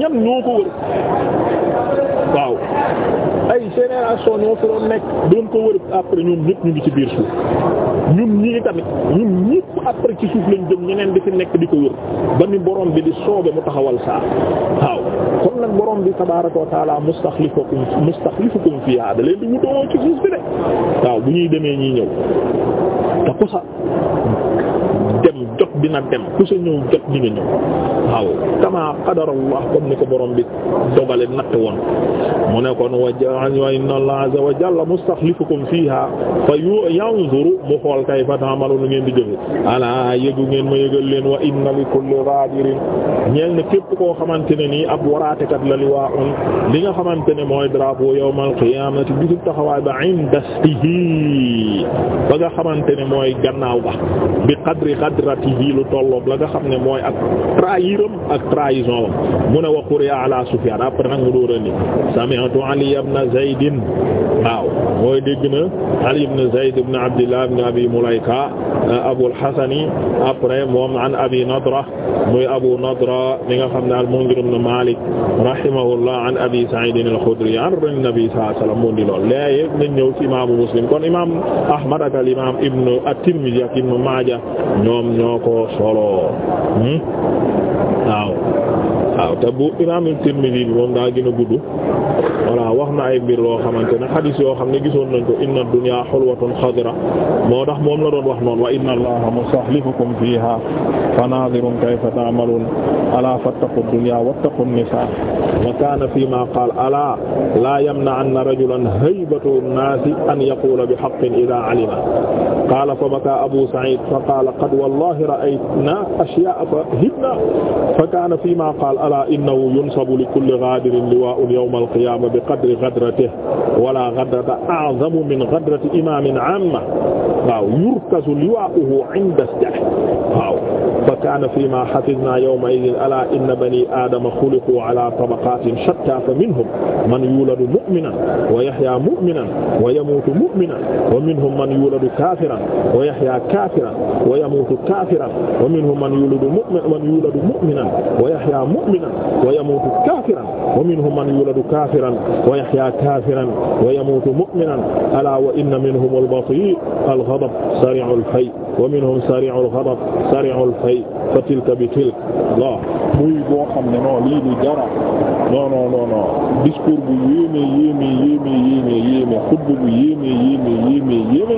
ñan ñoo ko wër waaw ay génération ñoo fi doon nekk doon ko wër après ñoom ñëpp ñu ngi ci biir suuf ñun ñii tamit ñun ñëpp après ci suuf lañ jëm ñeneen di fi nekk di ko wër ba ni borom bi di soobe mu taxawal saa waaw kon nag borom bi tabaaraka wa taala mustaxlifukum mustaxlifukum fiha da leen di wutoo ci suuf bi de waaw bu ñuy demee ñii ñëw te kusa dina dem ku sa ñëw jot di nga ñëw waaw kama qadarallah comme ni ko borom bi dogale natt woon mu ne kon wa inna allah azza wa jalla mustakhlifukum fiha fa yanzuru mu xool kay fa ta'malu nu ngeen di jëfe ala yëgu ngeen ma yëgal leen wa inna li kulli ghadirin ñeel ne képp koo xamante ne nii ab waraatekat la liwaa'un li nga xamante ne mooy drapeau yawmal qiyaamati bisu taxawaay ba indastihi ba nga xamante ne mooy gannaaw ba bi qadri qadratihi lu tolloog la nga xam ne mooy ak trahiram ak trahison mu ne wa quri'a ala Sufyan après nag mu dóor a ni sami'tu Ali ibn Zayd waaw mooy dégg na Ali ibn Zayd ibn Abdillah ibn Abi Mulayka euh, Abul Hasani après moom an Abi Nadra muy Abu Nadra mi nga xam ne al-Mundhir ibn Malik rahimahullah an Abi Sa'id al-Khudri an Nabi sallallahu alayhi wa sallam mu di lool léegi nañ ñëw ci imaamu Muslim kon imaam Ahmad al imaam Ibn at ak Ibn Maaja ñoom ñoo ko solo hmm? waaw waaw te bu imaam at-Tirmidhi moom daa gën a gudd. na ay mbir loo xamante ne xadis yoo xam ne gisoon nañ ko inna dunya hulwatun xadira moo tax moom la doon wax noonu wa inna allaha mustaxlifukum fiha fanaadirun kayfa ta'malun ala fattaqu dunya wattaqu nisa wa kaana fi ma qaal ala la yamna'anna rajulan haybatu an-naasi an yaqula bi haqqin idha alima qaala fa baka abu sa'id fa qaala qad wallahi ra'ayna ashya'a fa hibna fa kaana fi ma qaala alaa innahu yunsabu li kulli ghaadirin liwaa'un yawma al-qiyaama bi qadri ghadratihi wala ghadrata a'zamu min ghadrati imaamin 'aamma waaw yurkazu liwaa'uhu 'inda istihaa'i waaw fa kaana fi ma hafiznaa yawma'idhin alaa inna banii aadama khuliquu 'alaa tabaqaatin shattaa fa minhum man yuladu mu'minan wa yahyaa mu'minan wa yamuutu mu'minan wa minhum man yuladu kaafiran wa yahya kafiran wa yamutu kafiran wa minhum man yuladu mu'minan man yuladu mu'minan wa yahya mu'minan wa yamutu kafiran wa minhum man yuladu kafiran wa yahya kafiran wa yamutu mu'minan ala wa inna minhum al-batir al-ghadab sari'u al-fay wa minhum sari'u al-ghadab sari'u al-fay fa tilka bi tilka Allah muy boo xam ne non lii du dara non non non non discours bu yéeme yéeme yéeme yéeme yéeme xutba bu yéeme yéeme yéeme yéeme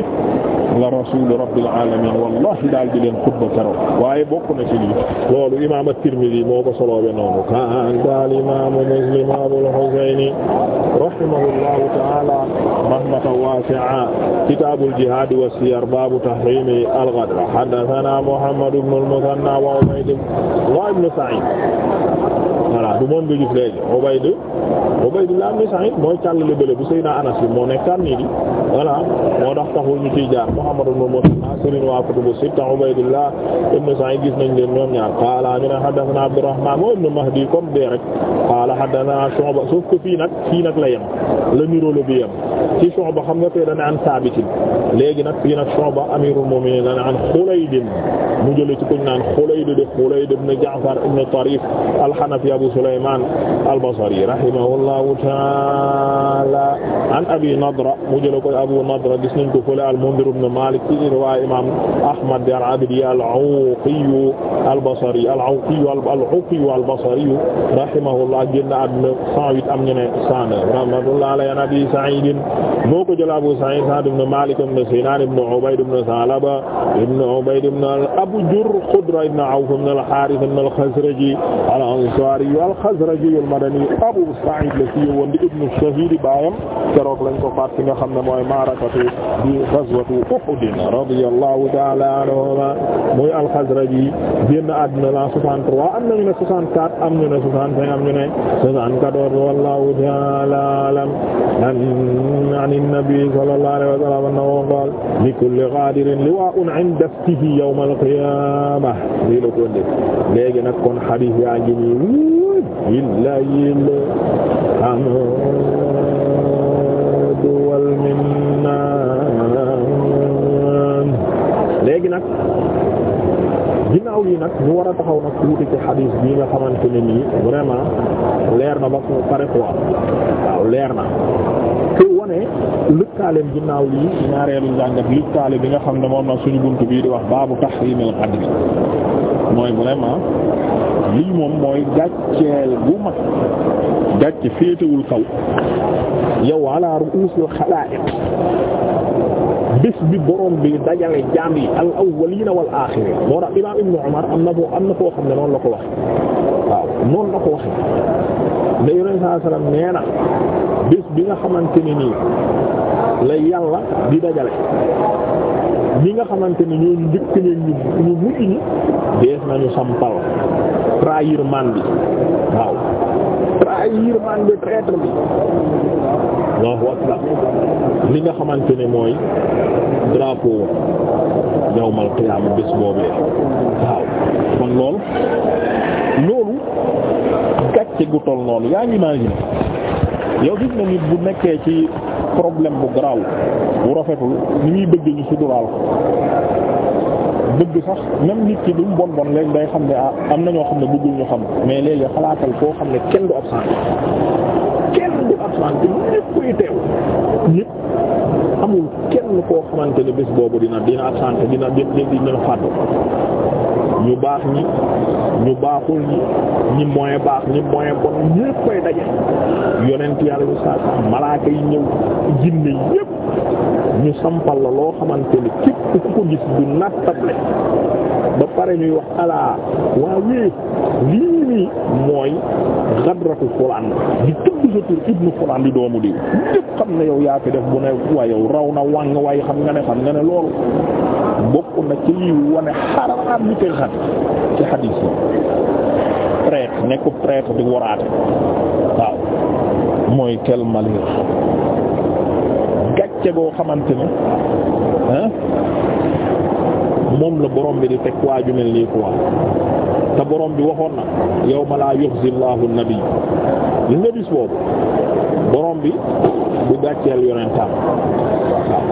la rasul rabbil alamin wallahi daal di leen xutba keroog waaye bokk na ci lii loolu imaam at-Tirmidhi moo ko soloowe noonu kandaal imaamu Muslim Abul Husayni rahimahullahu ta'ala rahmatan wasi'a kitaabul jihaad wa siyar baabu tahriimi al-ghadr haddathana Muhammad ibn al-Muthanna wa Ubayd wa ibn Sa'id voilà du moom nga gis léegi Ubayd Ubaydullah ibn Sa'id mooy càllale bële bu Seydina Anas bi moo nekkaan nii di voilà moo tax taxul ñu ciy jaar Muhammad ibn Muslim Serigne waa kutubu sitta Ubaydullah ibn Sa'id gis nañ leen ñoom ñaar qaala ñu ne haddathana Abdurrahman moo ibn Mahdi comme bee rek qaala haddathana Shu'ba sauf que fii nag fii nag la yem la niroo bi yem ci Shu'ba xam nga fee dane an Saabitin léegi nag fii nag Shu'ba amirul mu'minin dane an Xulayd mu jële ci kuñ naan Xulayd de Xulayd ibn Ja'far ibn Tarif al-Hanafi Abu Sulayman al-Basri rahimahullahu ta'ala an Abi Nadra mu jële ko Abu Nadra gis nañ ko fële al-Mundhir ibn Malik ci riwaaya imam Ahmad al-Abdi al-Awqi al-Basri al-Awqi al-Awqi al-Basri rahimahullah génn àdduna 108 am ñu ne 109 rahmatullahi alayhi Abi Sa'id moo ko jël Abu Sa'id Sa'd ibn Malik ibn Sinan ibn Ubayd ibn Salaba ibn Ubayd ibn Abu Jur Khudra ibn Awf ibn al-Harith ibn al-Khazraji al-Ansari al-Khazraji al-Madani Abu Sa'id la fi woon di ibn ash-Shahid baayam keroog lañ ko faat fi nga xam ne mooy maarakatu di ghazwatu Uhud radiyallahu ta'ala anhuma mooy al-Khazraji génn àddina la 63 am nañu ne 64 am nañu ne 65 am nañu ne 74 wallahu ta'ala alam an nabi sallallahu alayhi wa sallam annahu qaala li kulli ghaadirin liwaa'un 'inda iftihi yawm al-qiyaamah lii la ko def léegi nag kon xadiis yaa ngi nii billaahi al-hamdu wal minna léegi nag ginnaaw yi nag ñu war a taxaw nag tuuti ci xadiis bii nga xamante ne nii vraiment leer na ba pare quoi waaw leer na te wone lëkkaaleem ginnaaw lii ñaareelu njàngat lëkkaale bi nga xam ne moom na suñu buntu bii di wax baabu tahrimil qadri mooy moom mooy gàcceel bu mag gàcce féetewul kaw yow ala ru'uusil xalaa'iq bés bi borom bi dajale jaam yi al awwaliina wal moo tax imaam ibnu Umar am na koo xam ne noonu la ko wax waaw la ko wax ne yonent sallallahu alayhi wasallam nee na bi nga xamante ne nii yàlla di dajale ñi nga xamante ni ñooñu njëkk ñu ñu mujj ñi dees nañu sampal trahir man bi waaw trahir man bi traître bi Allahu akbar li nga xamante ni mooy drapeau yawmal qiyaama bés boobee waaw kon loolu loolu gàcce gu toll noonu yaa ngi imaginer yow gis na nit bu nekkee ci problème bu garaaw bu rafetul ni muy bëgg ñu suturaal ko bëgg sax même nit ki du mu bon bon léegi day xam ne ah am na ñoo xam ne bëggul ñu xam mais léegi xalaatal koo xam ne kenn du absent kenn du absent ñépp koy teew ñépp amul kenn koo xamante ne bés boobu dina dina absent dina dina dina fàddu ñu baax ñi ñu baaxul ñi ñi moyen baax ñi moyen bon ñépp koy daje yonent yàlla ñu saa saa malaaka yi ñëw jinne yépp ñu sampal la loo xamante ni képp ku ko gis du nattable ba pare ñuy wax alaa waa wéeg lii nii mooy xadratu fulaan di tudd sa tur ibnu fulaan di doomu diw ñépp xam ne yow yaa fi def bu ne waa yow raw na wàng waaye xam nga ne xam nga ne loolu bokk na ci yi wane xaraam ñu koy xat ci xadiis yi prêtre nekku prêtre di waraate waaw mooy kel gàcce goo xamante ne ah moom la borom bi di teg waa ju mel nii quoi te borom bi waxoon na yawma laa yuxzi Allahu nabi li nga bi bu gàcceel yonentam waaw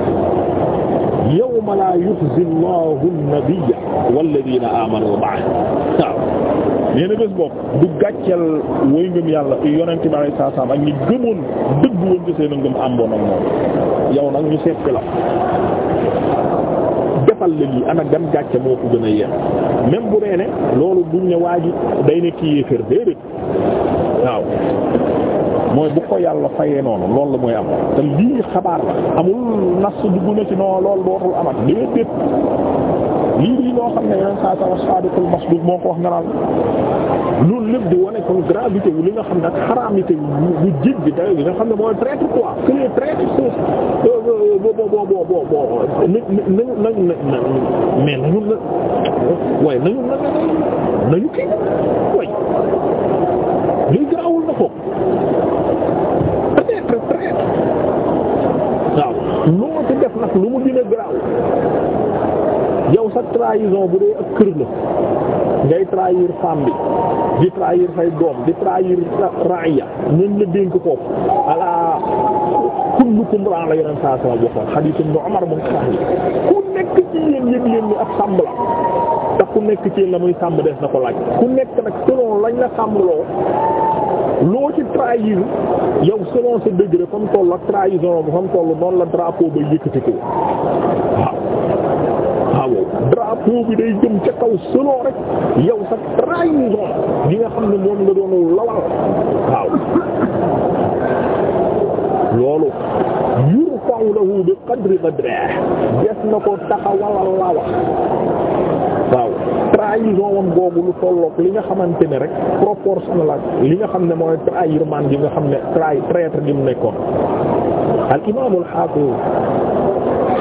yawma laa yuxzi Allahu nabiyya walladina amanu ma'ahu waaw nee na boobu du gàcceel woy ngëm yàlla yonente bi alayhi salaam ak ñi gëmoon dëgg woon ci seen ngëm àmboon moom yow nag ñu seet la defal la lii ana gan gàcce moo ko gën a yeex même bu dee loolu duñ ne waa day ne kii yéeféer déedéet waaw mooy bu ko yàlla fayee noonu loolu la mooy am te lii xabaar la amul nas dugg na ci loolu dootul amat déedéet lii lii loo xam ne yeneen saa sama saadiqul masduq moo ko wax nga naan loolu lépp di wane kon gravité li nga xam ne ak xaraamité bu nga xam ne mooy traître na ko peut-être waaw loo ci def nag lu mu dina garaaw sa trahison bu dee ak kër la ngay trahir femme bi di trahir say doom di trahir raaya ñun la dénk ko ala kullukum ra'in la yeneen saa saa waxoon hadith ibn Umar mu xax yi ku nekk ci yéen yëg yéen ni ab sàmm la te ku nekk ci la muy sàmm des na ko laaj ku nekk nag selon lañ la sàmmloo loo ci trahir yow selon sa degré fa mu toll la trahison fa mu toll noonu la drapeau ba yëkkati ko waaw drapeau bi day jëm ca kaw solo rek yow sa trahison gi nga xam ne moom nga doon lawal waaw loolu yurfa'u lahu bi qadri qadrihi des na ko taxawal lawa waaw trahison boobu lu tollook li nga xamante ne rek proportionnel li nga xam ne mooy trahir man gi nga xam ne trahi traître gi mu nekkoon al imaam al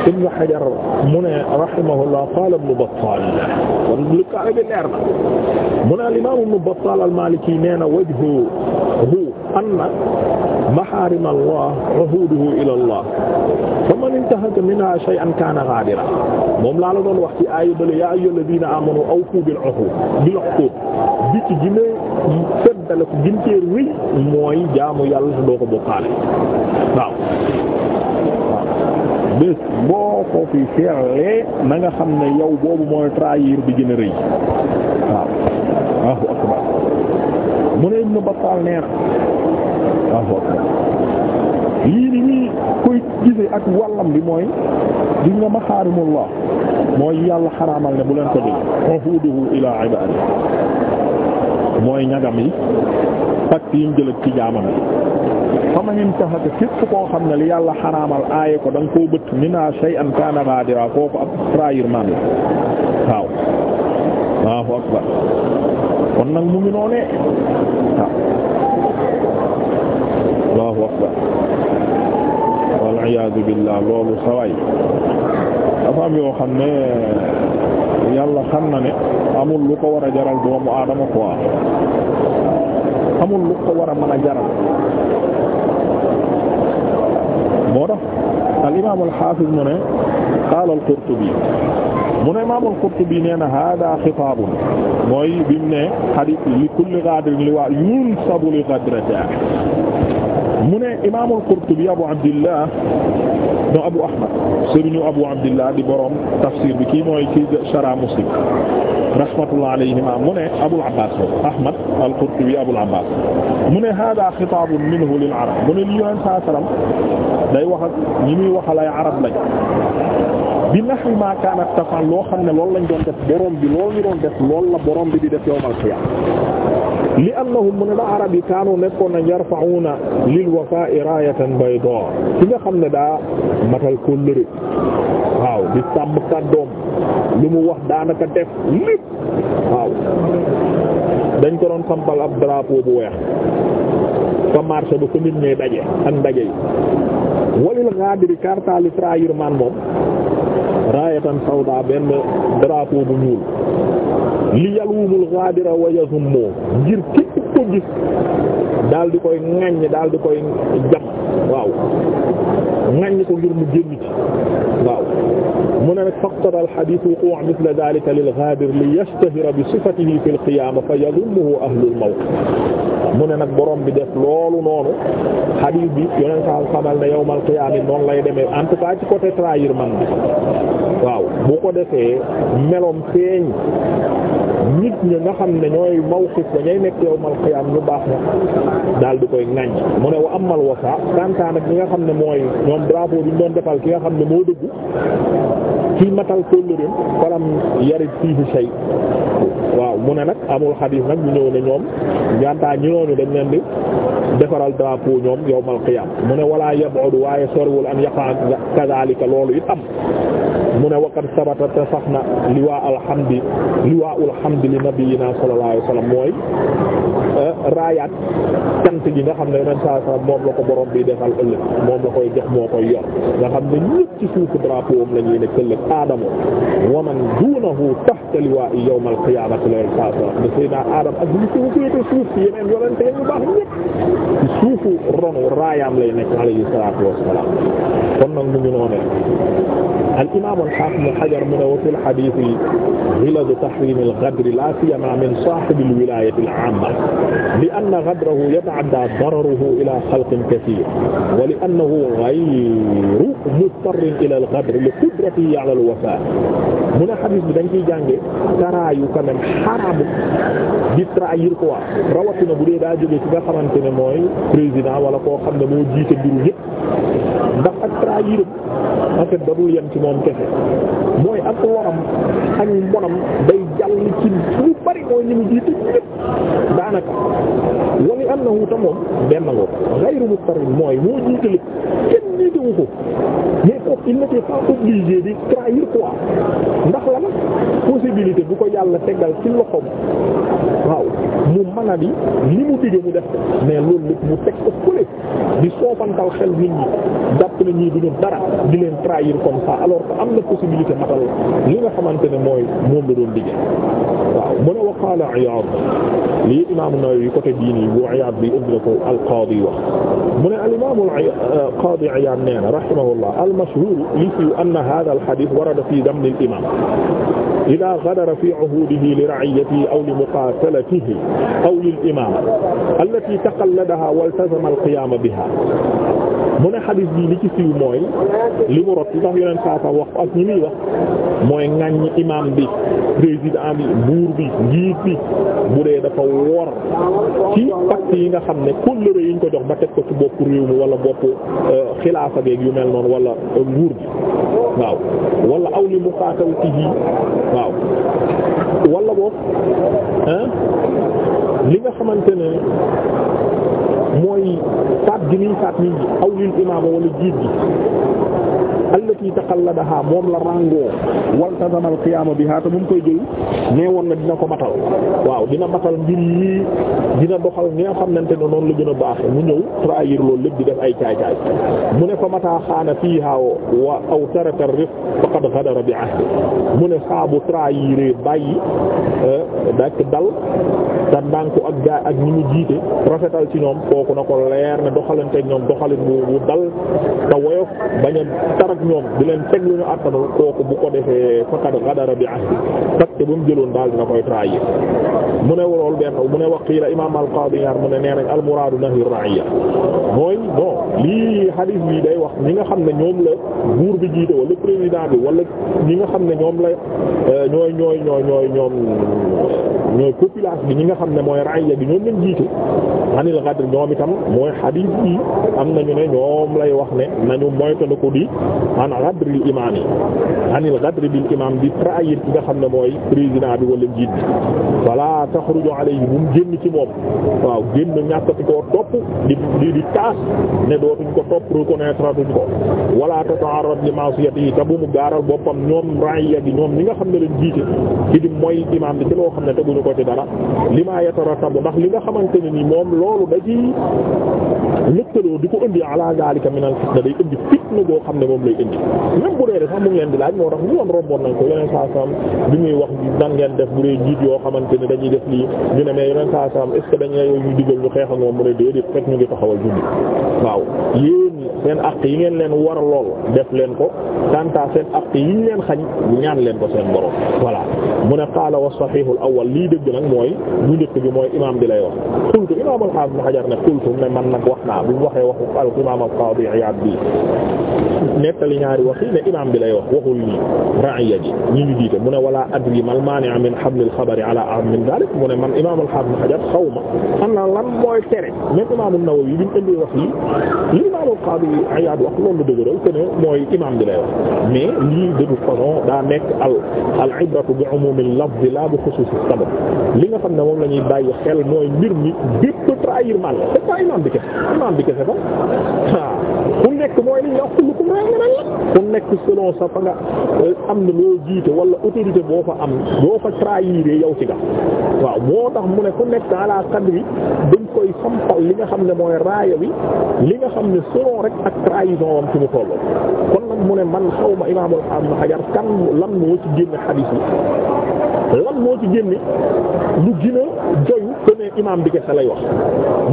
ibn Hajar mu ne rahimahullah qaala ibn Battaal kon lu kaale bi leer na mu ne al-imaam ibn Battaal al-Maaliki nee na wajhu anna mahaarima Allah uhuuduhu ila Allah faman intahaka minhaa shay'an kaana ghaadiran moom laa la doon wax ci aaya bale yaa ayyuha allaziina aamanuu awfuu bil uhuud bil uhuud bi ci gine feddale ko gintee rëy mooy jaamu yàlla doo ko bokkaale waaw bés boo ko fi seeralee na xam ne yow boobu mooy trahir bi gën a rëy waaw Allahu akbar mu ne Ibn Battal nee na Allahu akbar lii ni koy gise ak wàllam bi mooy di nga maxaarimullah mooy yàlla xaraamal ne bu leen ko jël uhuduhu ilaa ibaadi mooy ñagam yi pacte yi mu ci jaamam yi fa man intahaka képp koo xam ne li yàlla xaraamal ko da nga koo bët mina shay'an kana ghadira kooku ab trahir man la waaw Allahu akbar kon nag am na ne amul ko war a jaral doomu aadama quoi amul ko war a jaral moo tax al imaam al xaafiz mu ne qaala al qurtubi mu ne imaam al qurtubi nee na haadaa xitaabun mooy bi mu ne xadis li kulli qadirin li waa yunsabu li qadrata mu ne imaam al qurtubi abu abdillah no abu ahmad sëriñu abu abdillah di borom tafsir bi kii mooy ci shara muslim rahmatullah alayhima mu ne Abul Abbas Ahmad al-Qurtubi Abul Abbas mu ne hada xitaabun minhu lil arab mu ne li yoneen saa salaam day wax ak ñi muy waxal ay arab lañ bi nahwi ma kaanat tafal loo xam ne loolu lañ doon def borom bi loolu ñu doon def loolu la borom bi di def yawmal qiyaam li annahum mu ne la arab yi kaanu nekkoon na yarfa'una lil wafaa'i raayatan baydaa ki nga xam ne daa matal kóllëre waaw di sàmm kàddoom li mu wax daanaka def lépp waaw dañ ko doon sampal ab drapeau bu weex fa marché ba fa nit ñee daje ak ndaje yi walil ghadiri kartali trahir man moom raayatan sawda benn drapeau bu ñuul li yalwumul ghadira wa yazummu ngir képp ko gis daal di koy ŋaññ daal di koy jam waaw ŋaññ ko ngir mu génn ci mu ne nag faqtaba al-hadith wuqu' mithla dhalika lil-ghadir li yashtahira bi sifatihi fi al-qiyamah fa yadhunnuhu ahlu al-mawt mu ne nag borom bi def loolu noonu hadith bi yoneen sa xamal ne yawmal qiyaamah noonu lay demee en tout cas ci côté trahir man bi waaw bu ko defee melom feeñ nit ñi nga xam ne ñooy mawqif dañuy nekk yawmal qiyaam ñu baax na daal di koy ŋaññ mu ne wa amal wasa kantaan ak ñi nga xam ne mooy ñoom drapeau bi ñu doon ki nga xam ne moo dëgg kii matal kóllëreem falam yarid fiihi shay mu ne nag amul xadiis nag ñu ñëw ne ñoom ñaantaa ñi dañ leen di defaral drapeau ñoom yawmal qiyaam mu ne wala yab'ud waaye soriwul an yaqa kadhalika loolu it am mu ne waqad sabata te sax na liwaa alhamdi liwaa alhamdi li nabiyina sallallahu alayhi wasallam mooy euh, raayaat cant gi nga xam ne yonent sallallahu alayhi wasallam moom la ko borom bi defal ëllëg moom la koy jox moo koy yor nga xam ne ñëpp ci suufu drapeau am la ñuy nekk ëllëg aadama wa man duunahu tahta liwaa'i yawm al-qiyaamati la yonent sallallahu alayhi wasallam da Seydina Adam ak ñu ko féete suuf ci yeneen yonent yu baax ñëpp ci suufu ronu raayaam lay nekk alayhi salaatu wassalaam kon nag mu ngi noonee al imaam imaam al-Haafiz Ibn Hajar mu ne wa fil hadiis ghilaazu tahriim al-ghadr laa siyyamaa min saahib al-wilaayati al-aamma li-anna ghadrahu yata'addaa dararuhu ilaa khalqin kathiir wa li-annahu ghayru mudtarrin ilaa al-ghadr li-qudratihi alaa al-wafaa mu ne hadiis bi dañ ciy jànge taraayu quand même xaraamu di trahir quoi rawatina bu dee daa jóge ci nga xamante ne mooy président wala koo xam ne moo jiite mbiru yépp laa yërëm en fait da dul yem ci moom kese mooy ak waram ak mbonam day jàll ci lu bari mooy ni mu jiitu ñépp daanaka wali annahu ta moom benn ngoo ghayru muqarrin mooy moo jiitale kenn jiitewu ko mais kooku il n'était pas obligé di trahir quoi ndax la possibilité bu ko yàlla tegal ci loxoom waaw mu mën a di li mu digge mu def mais loolu lépp mu teg ko fële bi soofantal xel nit ñi jàpp na ñii ñu dara di leen trahir comme ça alors que am na possibilité matal li nga xamante ne mooy moom la doon digge waaw mu ne wa qaala Iyaad lii imaam Nawawi côté diini bu Iyaad bi indi ko al-Qaadi wax mu ne al-imaam al-Qaadi Iyaad nee na rahimahullah al-mashhuur li fi anna haadha al-hadiith warada fi damni al-imaam idaa gadara fi uhuudihi li ra'iyyatihi aw li muqaatalatihi aw lil imaama allatii taqalladahaa waltazama al-qiyaama bihaa mu ne xadis bi li ci siiw mooy li mu rot li tax yeneen saa saa wax ak ñi muy wax mooy ŋàññ imam bi président bi buur bi njiit bi bu dee dafa wor ci pacte yi nga xam ne kóllëre yi ñu ko jox ba teg ko ci bopp réew mi wala bopp euh, xilaafa beeg yu mel noonu wala euh, nguur bi waaw wala aw li muqaatalatihi waaw wala boog li nga xamante ne mooy faat gi muy faat nit ñi aw lil imaama wala jiit gi allati taqalladaha moom la ràngoo waltazama al qiyaama biha te mu koy jël nee woon na dina ko matal waaw dina matal mbir yi dina doxal ni xam xamante ne noonu la gën a baaxe mu ñëw trahir loolu lépp di def ay caay caay mu ne fa mataa xaana fiiha wa aw taraka rifq faqad ghadara bi ahdi mu ne saabu trahir bàyyi dakk eh, dal te ndànku ak gaay ak ñi mu jiite rafetal ci ñoom kooku na ko leer ne doxalante ñoom doxalin bu dal te woyof bañ a tarak ñoom di leen teg lu ñu àttanul kooku bu ko defee faqad ghadara bi ahdi acte ba mu jëloon daal dina koy trahir mu ne loolu benn mu ne waqila imaam al-Qaadi Iyaad mu ne nee nañ al-muraadu nahyu ar-ra'iyya mooy bon lii hadith bi day wax ñi nga xam ne ñoom la buur bi jiite wala président bi wala ñi nga xam ne ñoom la euh, ñooy ñooy ñooy ñooy ñoom ñooy population bi ñi nga xam ne mooy raaya bi ñoom lañ jiite anil ghadr ñoom itam mooy hadith bi am nañu ne ñoom lay wax ne nañu moytana ko di an ghadril imam yi anil ghadr bil imam di trahir ki nga xam ne mooy président bi wala njiit bi wala taxruju alayhi bu mu génn ci moom waaw génn ñàkkati koo topp sharia ne dootuñ ko topp reconnaître duñ ko wala tata'arrad li ma'siyati te bu mu gaaral boppam ñoom raaya gi ñoom ñi nga xam ne lañ jiite ci di mooy imaam bi ci loo xam ne teguñu ko ci dara li ma yatarattabu ndax li nga xamante ne ni moom loolu da ci lëkkaloo di ko indi ala zalika minal fitna day indi fitna boo xam ne moom lay indi même bu dee de sax mu ngi di laaj moo tax ñu woon romboon wax mu ne déedéet fekk yi ngeen leen war lool def leen ko tanta seen yi ñu leen xañ ñaan ko seen borom voilà mu ne qaala wa saxiixul awwal lii dëgg nag mooy bu njëkk bi mooy imaam bi lay wax qultu imaam al-Haafiz Hajar ne qultu ne man nag wax naa bu ñu waxee waxu al imaam al qaadi Iyaad bi nettali ñaari wax yi ne imaam bi lay wax waxul ni ra'iya ji ñu ñu jiite mu ne wala adri mal maani'a min haml al xabar ala am min daalik mu ne man imaam al xaafis Hajar xaw ma ana lan mooy tere mais imaam an-Nawawi bi ñu indi wax yi li imaam al qaadi Iyaad wax loolu dëgëral que ne mooy imaam bi lay wax mais lii de toute façon daa nekk al al ibratu bi umuum al lafz la bi xusuus al sabab li nga xam ne moom la ñuy bàyyi xel mooy mbir mi bépp trahir mal c'est pas imaam bi kese naan bi kese ko ku nekk mooy liñ ku nekk selon sa fa nga am na loo jiite wala autorité boo fa am boo fa trahir yow ci nga waaw moo tax mu ne ku nekk ala qadri dañ koy sampal li nga xam ne mooy raaya bi li nga xam ne selon rek ak trahison am ci mu tolloo mu ne man xawma imaam al-Hafiz Ibn Hajar kan lan moo ci génne xadiis bi lan moo ci génne lu gën a joyu que ne imaam bi kese lay wax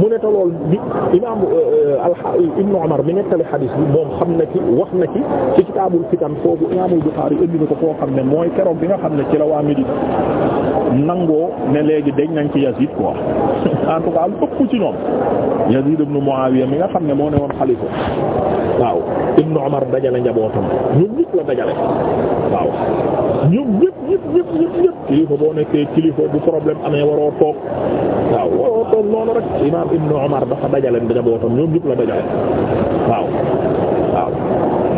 mu ne te lool bi imaam euh, al-Hafiz Ibn Umar mi nettali xadiis bi moom xam na ci wax na ci ci kitaabul fitan foofu imaamul Buxaari indi na ko foo xam ne mooy keroog bi nga xam ne ci la waa Médina nangoo ne léegi dañ nañ ci Yazid quoi en tout cas lu ëpp ci ñoom Yazid ibn Muawiya mi nga xam ne moo ne woon xalifa waaw Ibn Umar dajale njabootam ñoom ñëpp la dajale waaw ñoom ñëpp ñëpp ñëpp ñëpp ñëpp kilifa boo nekkee kilifa bu problème amee waroo toog waaw waroo toog noonu rek imaam Ibn Umar dafa dajale njabootam ñoom ñëpp la dajale waaw waaw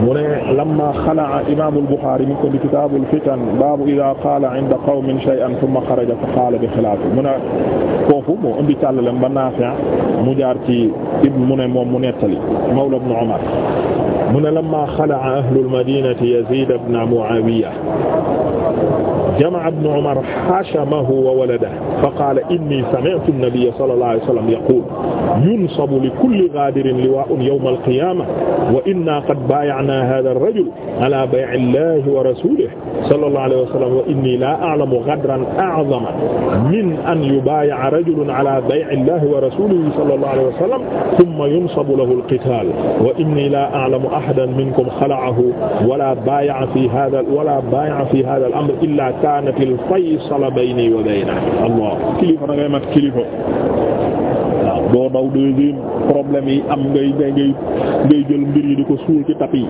mu ne lamma xalaa imaam al-Buxaari mi ko di kitaabul fitan baabu idaa qaala inda qawmin shay'an thumma xaraja fa qaala bi xilaafi mu ne foofu moo indi càllale ba Naafi' mu jaar ci ibn mu ne moom mu nettali mawla Ibn Umar mu ne lamma xala'a ahlul madinati Yazid ibn Muawiya jama'a ibn Umar haashamahu wa waladahu fa qaala innii sami'tu an-nabiyya sallallahu alayhi wa sallam yaquulu yunsabu li kulli ghaadirin liwaa'un yawma al-qiyaama wa innaa qad baaya'naa haadha ar-rajul alaa bay'i llaahi wa rasuulihi sallallahu alayhi wa sallam wa innii laa a'lamu ghadran a'zama min an yubaaya'a rajulun alaa bay'i llaahi wa rasuulihi sallallahu alayhi wa sallam thumma yunsabu lahu al-qitaal wa innii laa a'lamu ahadan minkum khala'ahu walaa baaya'a fii haadha walaa baaya'a fii haadha al-amr illaa kaanat al-faysala baynii wa baynahu Allah kilifa doo daw deuxième problème yi am ngay ngay ngay jël mbir yi di ko suul ci tapis yi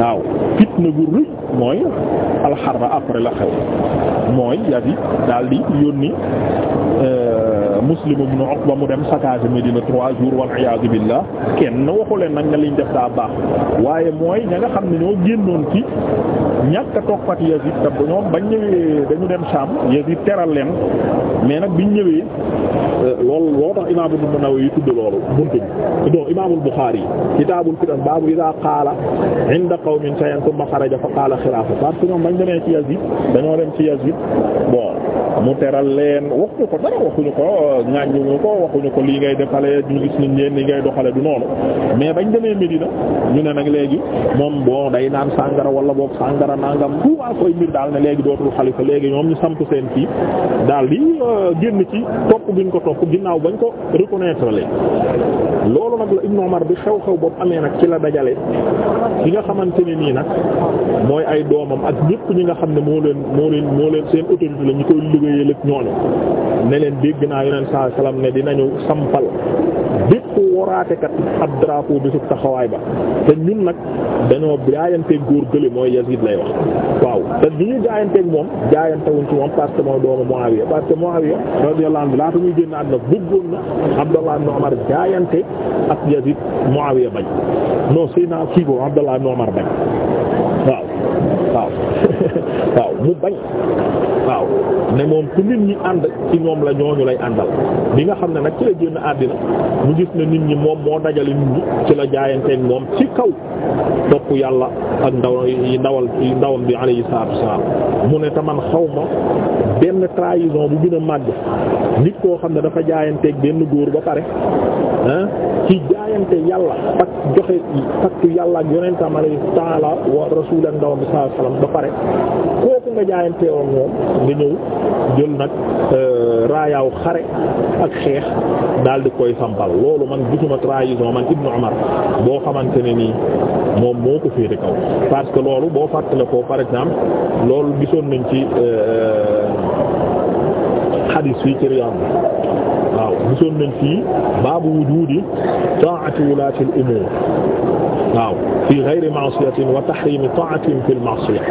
waaw fitna gu mooy alxarba après la xew mooy yati daal di yónni euh, Muslim ibn Uqba mu dem saccagé Médina trois jours wal iyaadu billah kenn waxu leen nag nga liñ def daa baax waaye mooy ña nga xam ne ñoo génnoon ci ñàkk a toppat Yazid te ñoom bañ ñëwee dañu dem Sham Yazid teral leen mais nag biñ ñëwee euh, loolu loo tax imaam an-Nawawi tudd loolu buntu bi donc imaamul Buxaari kitaabul fitan baabu idaa qaala inda qawmin shay'an thumma xaraja fa qaala xilaafa parce que ñoom bañ demee ci Yazid dañoo dem ci Yazid bon mu teral leen waxuñu ko dara waxuñu ko ŋàññuñu ko waxuñu ko lii ngay defale ñu gis ni ñeen li ngay doxale du noonu mais bañ demee Medina ñu ne nag léegi moom boo day naan sàngara wala boog sàngara nangam tout à koy mbir daal ne léegi dootul xalifa léegi ñoom ñu samp seen kii daal di euh, génn ci topp giñ ko topp ginnaaw bañ ko reconnaître léegi loolu nag la Ibn bi xew-xew boobu amee nag ci la dajale ki nga xamante ne nii nag mooy ay doomam ak ñépp ñi nga xam ne moo leen moo leen leen seen la ñu koy liggéeyee lépp ñooñu yeneen saa salaam ne dinañu sampal bépp woraatekat ab drapeau bi taxawaay ba te ñun nag dañoo jaayanteeg góor gële mooy Yazid lay wax waaw te ni ñu jaayanteeg moom jaayantewuñ ci moom parce que mooy doomu Muawiya parce que Muawiya radiyallahu anhu laata muy génn àdduna bëggoon na Abdallah ibn Umar jaayante ak mu Muawiya bañ non Seydina kii boobu Abdallah ibn Umar bañ waaw waaw mu bañ waaw ne moom ku nit ñi ànd ci ñoom la ñooñu lay àndal bi nga xam ne nag ci la génn àddina mu gis ne nit ñi moom moo dajale nit ci la jaayanteen moom ci kaw topp yàlla ak ndaw yi ndawal yi bi alayhi salaatu wassalaam mu ne taman xaw ma benn trahison bu gën a màgg nit koo xam ne dafa jaayanteeg benn góor ba pare ah ci jaayante yàlla ak joxe faktu yàlla ak yonentam alayhi taala wa rasuul ak ndawam bi sallallahu ba pare kooku nga jaayante moom nga ñëw jël nag euh, rayaw xare ak xeex daal di koy sampal loolu man gisuma trahison man Ibnu Umar boo xamante ne nii moom moo ko féete kaw parce que loolu boo fàttale ko par exemple loolu gisoon nañ ci xadiis euh, fii ci Riyaad waaw gisoon nañ fii baabu wujuudi taa'ati wulaati al waaw fii ghayri ma'siyatin wa tahrimi ta'atin fil ma'siya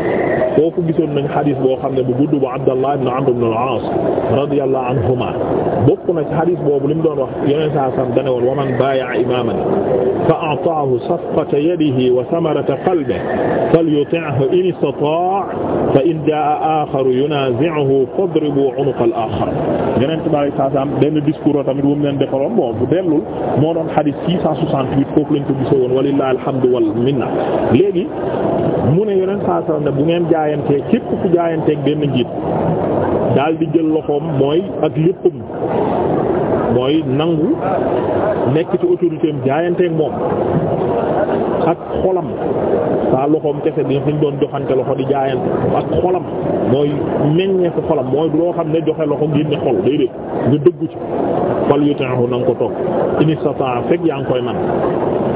foofu gisoon nañ xadis boo xam ne bu gudd bu Abdallah ibn Amr ibn al-As radiyallahu anhuma bokk na ci xadis boobu li mu doon wax yeneen saa sam dane woon wa man baaya'a imaaman fa a'taahu safqata yadihi wa samarata qalbihi falyuti'hu in istata' fa in jaa'a aakharu yunaazi'uhu fadribu 'unuqa al-aakhar yeneen saa sam benn discours tamit bu mu leen defaloon bon bu dellul moo doon xadis 668 foofu lañ ko gisoon walillahi alhamd alhamdu wal léegi mu ne yeneen saa saa bu ngeen jaayantee képp ku jaayanteeg benn njiit daal di jël loxoom mooy ak léppam mooy nangu nekk ci autorité jaayanteek moom ak xolam saa loxoom kese bi ñu doon joxante loxo di jaayante ak xolam mooy meññee ko xolam mooy loo xam ne joxe loxo génne xol day dégg nga dëggu ci. fal yuti'hu na nga ko topp in istata'a fekk yaa ngi koy man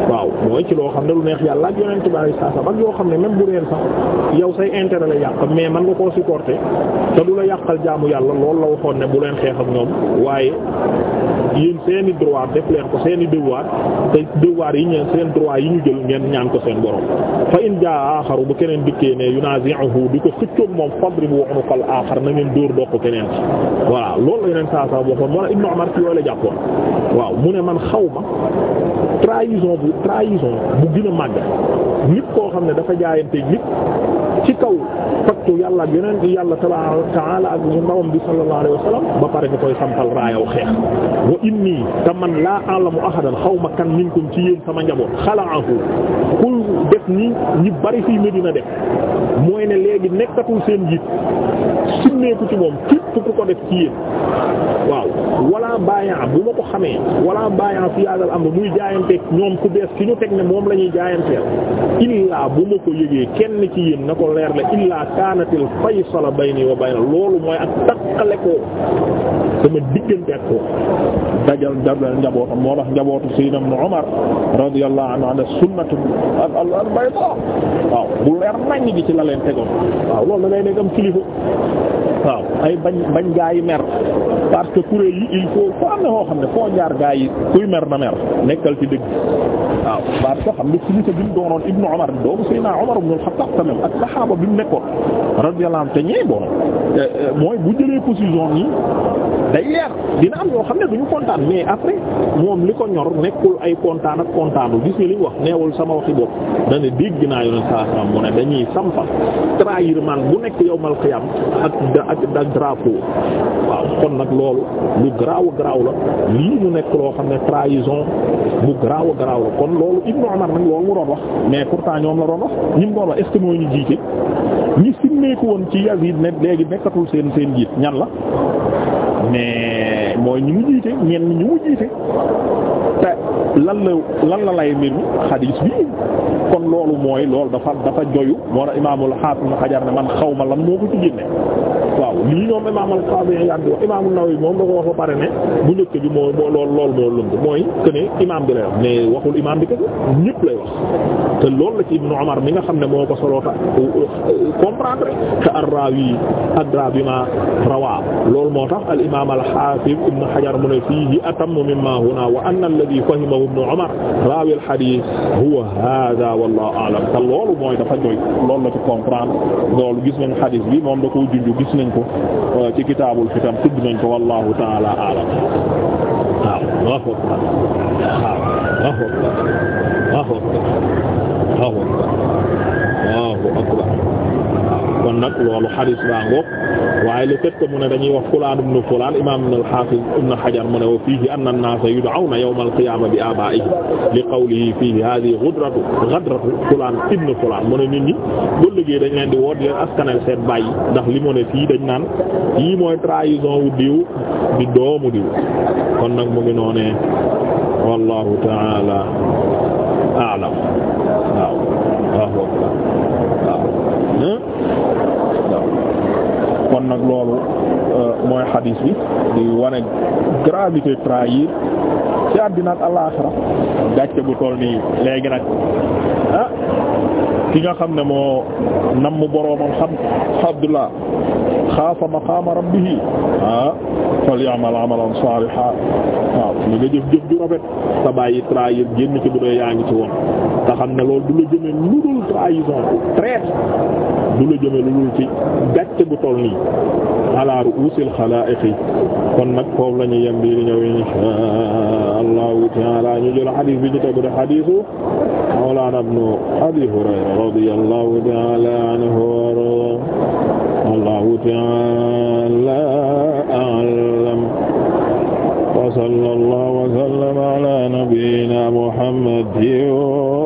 waaw mooy ci loo xam ne lu neex yàlla ak yonent bi sallallahu alayhi wasallam ak yoo xam ne même bu réer sax yow say intérêt la yàq mais man nga koo supporter te du la yàqal jaamu yàlla loolu la waxoon ne bu leen xeex ak ñoom waaye yéen seeni droit def leen ko seeni devoir te devoir yi ñeen seen droit yi ñu jël ngeen ñaan ko seen borom fa in jaa aaxaru bu keneen dikkee ne yunazi'uhu di ko xëccoog moom fadribu wa unuqal aaxar na ngeen dóor doq keneen ci voilà loolu la yeneen saa saa waxoon moo la Ibn Umar la jàppoon waaw mu ne man xaw ma trahison bu trahison bu gën a màgg nit koo xam ne dafa jaayanteeg nit ci kaw pactu yàlla ak yeneen yàlla tabaaraka wa ta'ala ak ndawam bi sallallahu alayhi ba pare ñu koy sampal raayaw xeex wa inni te man laa alamu ahadan xaw ma kan minkum ci yéen sama njaboot xalaahu kul def ni ñi bari fii Medina def mooy ne léegi nekkatul seen jiit simmeeku ci moom képp ku ko def ci yéen waaw wala baayaa bu ma ko xamee wala baayaa fi yaadal muy jaayanteeg ñoom ku bees ki ñu teg ne moom la ñuy jaayanteel illaa bu ma ko yëgee kenn ci yéen na ko leer la illaa kaanatil faysala bayni wa bayna loolu mooy ak takkale ko sama diggante ak ko dajal dajal njabootam moo tax njabootu sayyidina Umar radiyallahu anhu ala sunnati al bayda waaw bu leer nañ gi ci la leen tegoon waaw loolu da ngay nekkam kilifa ay bañ bañ gaa yi mer parce que kuréel yi il foo am ne koo xam ne foo jaar gaa yi kuy mer na mer nekkal ci dëgg waaw parce que xam nga ci nit a gën Ibnu Umar doomu Seydina Umar ibn al-Khattab tamit ak saxaaba bi mu nekkoon radiyallahu anhu te ñee bon eh, eh, mooy bu jëlee position nii day leer dina am ñoo xam ne duñu kontaan mais après moom li ko ñor nekkul ay kontaan ak kontaanu gis nga li wax neewul sama waxi bopp dana ne dégg naa yoon saa saa mu ne dañuy sampal trahir man bu nekk yowmal qiyam ak ak ak drapeau waaw kon nag loolu lu garaaw garaaw la lii mu nekk loo xam ne trahison bu garaaw garaaw la kon loolu Ibnu Umar nag loolu mu doon wax mais pourtant ñoom la doon wax ñim doon wax est-ce jiite ñi simmeeku woon ci Yazid ne léegi nekkatul seen seen jiit ñan la mais mooy ñi mu jiite ñenn ñu mu jiite te lan la lan la lay mbiru xadiis bi kon loolu mooy loolu dafa dafa joyu moo tax imaamul xaafis ma lan moo ko ci génne waaw lii imaamul xaafis moom da ko wax ba pare ne bu njëkk bi moo moo lool moo lënd mooy que ne imaam bi lay mais waxul imaam bi que ñëpp lay wax. te loolu la ci Ibnu Umar mi nga xam ne moo ko soloota comprendre te ar-raawi adraa rawaa loolu moo tax al imaam al xaafis ibnu xajar mu ne fiihi atammu mimmaa hunaa wa anna alladhii fahimahu ibnu Umar raawi al-hadiis huwa haadaa wallaahu a'lam te loolu mooy dafa doy loolu la ci comprendre loolu gis nañ hadiis bi moom da koo junj gis nañ ko euh, ci kitaabul fitan tudd nañ ko wallaahu ta'aala a'lam waaw Allahu akbar waaw Allahu akbar Allahu akbar kon nag loolu xadis baa ngoog waaye le fait mu ne dañuy wax fulaan ibn fulaan imaam ibn al-Hafiz ibn Hajar mu ne wa fiihi anna an-naasa yud'awna yawma al-qiyaama bi li qawlihi fiihi haadhihi ghadratu ghadratu fulaan ibn fulaan mu ne nit ñi bu liggéey dañ leen di woo di leen askanal seen ndax li mu ne fii dañ naan yii mooy trahison wu diw di doomu diw kon nag mu ngi noonee wallahu ta'ala a'lam waaw waaw waaw kon nag loolu euh, mooy xadiis bi di wane gravité trahir ci àddina ak alaaxira gàcce bu toll nii léegi nag ah ki nga xam ne moo namm boroomam xam Abdullah xaafa maqaama rabbihi ah falyamal amalan saaliha waaw li nga jëf jëf ju rafet sa bàyyi trahir bu dee yaa ngi ci woon nga xam ne loolu du la jëme lu dul trahison traître du la jëme lu dul ci gàcce bu toll nii ala ru'usil xalaa'iqi kon nag foofu la ñuy yem bi di ñëw insha allahu taala ñu jël xadiis bi ñu tegu de xadiisu mawlaana ibnu abi hurayra radiyallahu taala anhu wallahu taala a'lam wa sallallahu wa sallama ala nabiyyina muhammadin